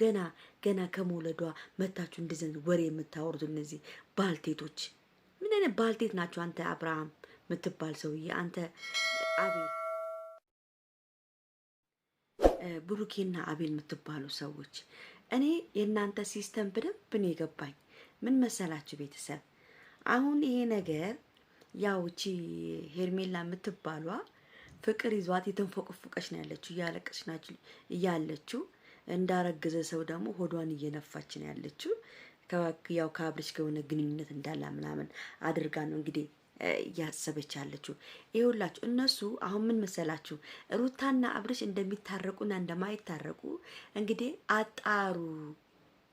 ገና ገና ከመውለዷ መታችሁ እንደዚህ ወሬ የምታወርዱ እነዚህ ባልቴቶች፣ ምን አይነት ባልቴት ናቸው? አንተ አብርሃም የምትባል ሰውዬ፣ አንተ አቤል፣ ብሩኬና አቤል የምትባሉ ሰዎች፣ እኔ የእናንተ ሲስተም በደንብ ነው የገባኝ። ምን መሰላችሁ ቤተሰብ፣ አሁን ይሄ ነገር ያው እቺ ሄርሜላ የምትባሏ ፍቅር ይዟት የተንፎቅፎቀች ነው ያለችው፣ እያለቀች ናችሁ እያለችው እንዳረገዘ ሰው ደግሞ ሆዷን እየነፋች ነው ያለችው። ያው ከአብርሽ ከሆነ ግንኙነት እንዳላ ምናምን አድርጋ ነው እንግዲህ እያሰበች ያለችው። ይሄ ሁላችሁ እነሱ አሁን ምን መሰላችሁ ሩታና አብርሽ እንደሚታረቁና እንደማይታረቁ እንግዲህ አጣሩ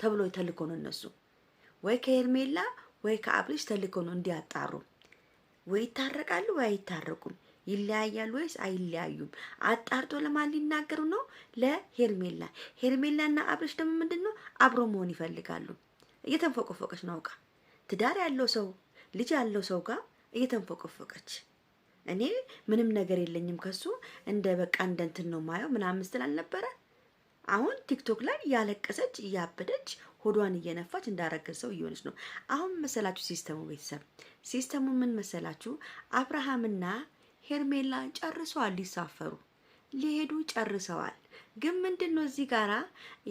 ተብሎ ተልኮ ነው እነሱ ወይ ከሄርሜላ ወይ ከአብርሽ ተልኮ ነው እንዲያጣሩ ወይ ይታረቃሉ ወይ አይታረቁም። ይለያያሉ ወይስ አይለያዩም? አጣርቶ ለማን ሊናገሩ ነው? ለሄርሜላ። ሄርሜላና አብረሽ ደግሞ ምንድን ነው አብሮ መሆን ይፈልጋሉ። እየተንፎቀፎቀች ነው ቃ ትዳር ያለው ሰው ልጅ ያለው ሰው ጋር እየተንፎቆፎቀች እኔ ምንም ነገር የለኝም ከሱ እንደ በቃ እንደ እንትን ነው ማየው ምናምን ስትል አልነበረ? አሁን ቲክቶክ ላይ ያለቀሰች እያበደች ሆዷን እየነፋች እንዳረገዝ ሰው እየሆነች ነው። አሁን መሰላችሁ ሲስተሙ ቤተሰብ ሲስተሙ ምን መሰላችሁ? አብርሃምና ሄርሜላ ጨርሰዋል፣ ሊሳፈሩ ሊሄዱ ጨርሰዋል። ግን ምንድን ነው እዚህ ጋራ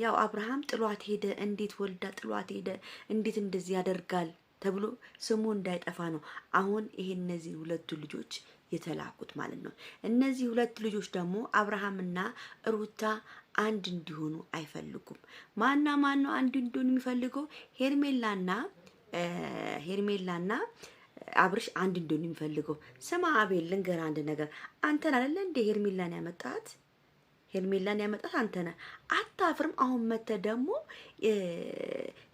ያው አብርሃም ጥሏት ሄደ፣ እንዴት ወልዳ ጥሏት ሄደ፣ እንዴት እንደዚህ ያደርጋል ተብሎ ስሙ እንዳይጠፋ ነው አሁን ይሄ እነዚህ ሁለቱ ልጆች የተላኩት ማለት ነው። እነዚህ ሁለት ልጆች ደግሞ አብርሃምና ሩታ አንድ እንዲሆኑ አይፈልጉም። ማና ማን ነው አንድ እንዲሆኑ የሚፈልገው? ሄርሜላና ሄርሜላና አብርሽ አንድ እንደሆነ የሚፈልገው ስማ፣ አቤል ልንገርህ አንድ ነገር። አንተን አይደለ እንደ ሄርሜላን ያመጣት ሄርሜላን ያመጣት አንተ አታፍርም? አሁን መተ ደግሞ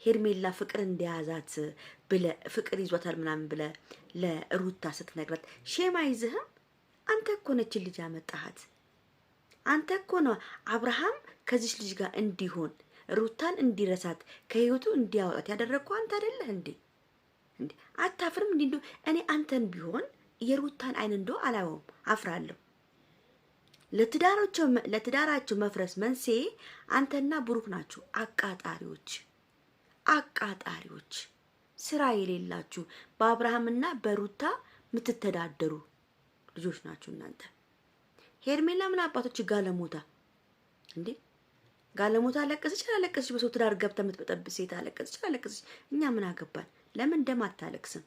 ሄርሜላ ፍቅር እንደያዛት ብለህ ፍቅር ይዟታል ምናምን ብለ ለሩታ ስትነግራት ሼማ ይዝህም አንተ እኮ ነች ልጅ ያመጣሃት። አንተ እኮ ነው አብርሃም ከዚች ልጅ ጋር እንዲሆን ሩታን እንዲረሳት ከህይወቱ እንዲያወጣት ያደረግኩ አንተ አይደለህ እንዴ? አታፍርም? እንዲ እኔ አንተን ቢሆን የሩታን አይን እንዶ አላየውም፣ አፍራለሁ። ለትዳራቸው መፍረስ መንስኤ አንተና ብሩክ ናችሁ። አቃጣሪዎች አቃጣሪዎች፣ ስራ የሌላችሁ በአብርሃምና በሩታ የምትተዳደሩ ልጆች ናችሁ እናንተ። ሄርሜላ ምን አባቶች ጋለሞታ እንዴ! ጋለሞታ አለቀሰች አላለቀሰች፣ በሰው ትዳር ገብታ የምትበጠብስ ሴት አለቀሰች አላለቀሰች፣ እኛ ምን አገባን? ለምን ደም አታለቅስም?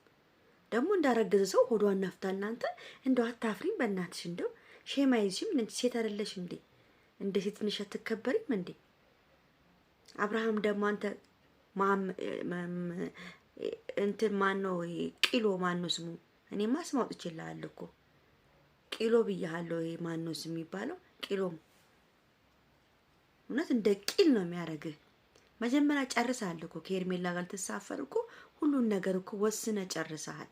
ደግሞ እንዳረገዘ ሰው ሆዷን ናፍታ። እናንተ እንደው አታፍሪም? በእናትሽ እንደው ሼማ ይዝሽም ሴት አይደለሽ እንዴ? እንደ ሴት ትንሽ አትከበሪም እንዴ? አብርሃም ደግሞ አንተ ማም እንትን ማነው ቂሎ ማን ነው ስሙ? እኔ ስም አውጥቼልሃለሁ እኮ ቂሎ ብያሃለሁ። ይሄ ማን ነው ስም የሚባለው? ቂሎም እውነት እንደ ቂል ነው የሚያደርግህ። መጀመሪያ ጨርሰሃል እኮ ከሄርሜላ ጋር ልትሳፈር እኮ ሁሉን ነገር እኮ ወስነ ጨርሰሃል።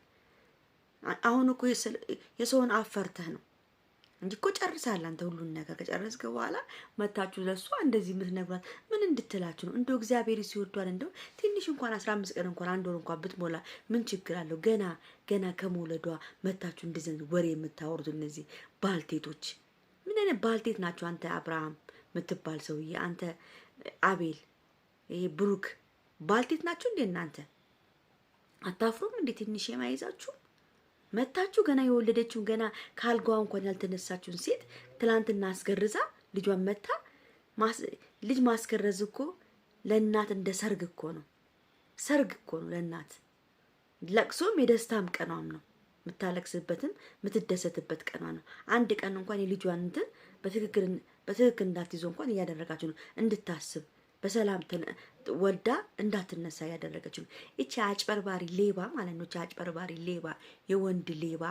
አሁን እኮ የሰውን አፈርተህ ነው እንጂ እኮ ጨርሰሃል። አንተ ሁሉን ነገር ከጨረስክ በኋላ መታችሁ ለእሷ እንደዚህ የምትነግሯት ምን እንድትላችሁ ነው? እንደው እግዚአብሔር ሲወዷል እንደው ትንሽ እንኳን አስራ አምስት ቀን እንኳን አንድ ወር እንኳን ብትሞላ ምን ችግር አለው? ገና ገና ከመውለዷ መታችሁ እንደዚህ ወሬ የምታወሩት እነዚህ ባልቴቶች ምን አይነት ባልቴት ናቸው? አንተ አብርሃም የምትባል ሰውዬ አንተ አቤል ይሄ ብሩክ ባልቴት ናችሁ እንዴ እናንተ? አታፍሩም እንዴ? ትንሽ የማይዛችሁ መታችሁ። ገና የወለደችውን ገና ካልጋዋ እንኳን ያልተነሳችሁን ሴት ትላንትና አስገርዛ ልጇን መታ። ልጅ ማስገረዝ እኮ ለእናት እንደ ሰርግ እኮ ነው። ሰርግ እኮ ነው ለእናት ለቅሶም የደስታም ቀኗም ነው። የምታለቅስበትም የምትደሰትበት ቀኗ ነው። አንድ ቀን እንኳን የልጇን እንትን በትክክል እንዳትይዞ እንኳን እያደረጋችሁ ነው እንድታስብ በሰላም ወልዳ እንዳትነሳ ያደረገች ነው ይቺ አጭበርባሪ ሌባ ማለት ነው። አጭበርባሪ ሌባ፣ የወንድ ሌባ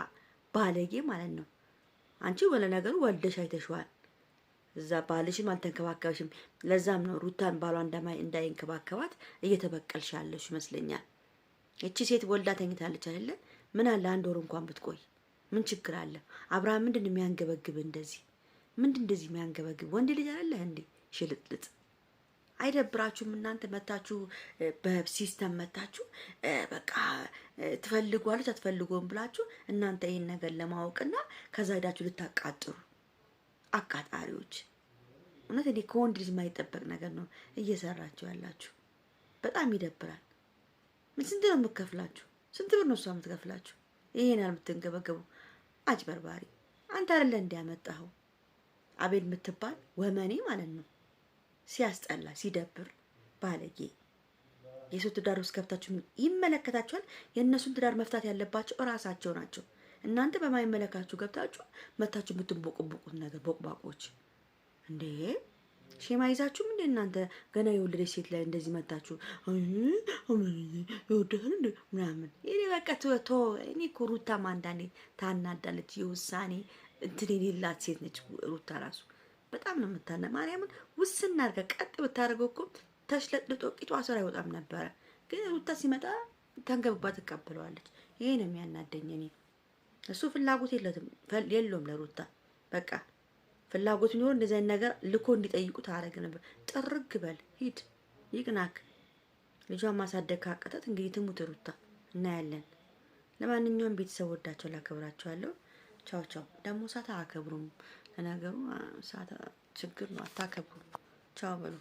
ባለጌ ማለት ነው። አንቺ ነገሩ ወልደሽ አይተሽዋል። እዛ ባልሽም አልተንከባከበሽም። ለዛም ነው ሩታን ባሏ እንዳይንከባከባት እየተበቀልሽ ያለሽ ይመስለኛል። እቺ ሴት ወልዳ ተኝታለች አይደለ? ምን አለ አንድ ወር እንኳን ብትቆይ ምን ችግር አለ? አብርሃም ምንድን የሚያንገበግብ እንደዚህ ምንድን እንደዚህ የሚያንገበግብ ወንድ ልጅ አለ እንዴ ሽልጥልጥ አይደብራችሁም? እናንተ መታችሁ በሲስተም መታችሁ በቃ ትፈልጓለች አትፈልጎም ብላችሁ እናንተ ይህን ነገር ለማወቅና ከዛ ሄዳችሁ ልታቃጥሩ አቃጣሪዎች። እውነት እኔ ከወንድ ልጅ የማይጠበቅ ነገር ነው እየሰራችሁ ያላችሁ። በጣም ይደብራል። ምን ስንት ነው የምከፍላችሁ? ስንት ብር ነው እሷ የምትከፍላችሁ? ይሄን ያህል የምትንገበገቡ አጭበርባሪ። አንተ አይደለ እንዲያመጣኸው አቤል የምትባል ወመኔ ማለት ነው። ሲያስጠላ፣ ሲደብር ባለጌ የሰው ትዳር ውስጥ ገብታችሁ ይመለከታችኋል። የእነሱን ትዳር መፍታት ያለባቸው እራሳቸው ናቸው። እናንተ በማይመለካችሁ ገብታችሁ መታችሁ የምትንቦቅቦቁት ነገር ቦቅባቆች እንዴ! ሼማ ይዛችሁም እንዴ እናንተ ገና የወለደች ሴት ላይ እንደዚህ መታችሁ ይወደህል እንዴ ምናምን። ይኔ በቃ ቶ እኔ እኮ ሩታ ማንዳኔ ታናዳለች። የውሳኔ እንትን የሌላት ሴት ነች ሩታ ራሱ በጣም ነው የምታለ ማርያምን ውስና አርጋ ቀጥ ብታደርገው እኮ ተሽለጥልጦ ቂጧ ስራ አይወጣም ነበረ። ግን ሩታ ሲመጣ ተንገብባ ትቀበለዋለች። ይሄ ነው የሚያናደኝ። እኔ እሱ ፍላጎት የለትም የለውም ለሩታ በቃ ፍላጎት ቢኖር እንደዚህ ነገር ልኮ እንዲጠይቁ ታደርግ ነበር። ጥርግ በል ሂድ፣ ይቅናክ። ልጇን ማሳደግ ካቀጣት እንግዲህ ትሙት ሩታ እናያለን። ለማንኛውም ቤተሰብ ወዳቸው ላከብራቸዋለሁ። ቻው ቻው። ደግሞ ሳታ አከብሩም ለነገሩ ሰዓት ችግር ነው። አታከብሩ። ቻው በሉ።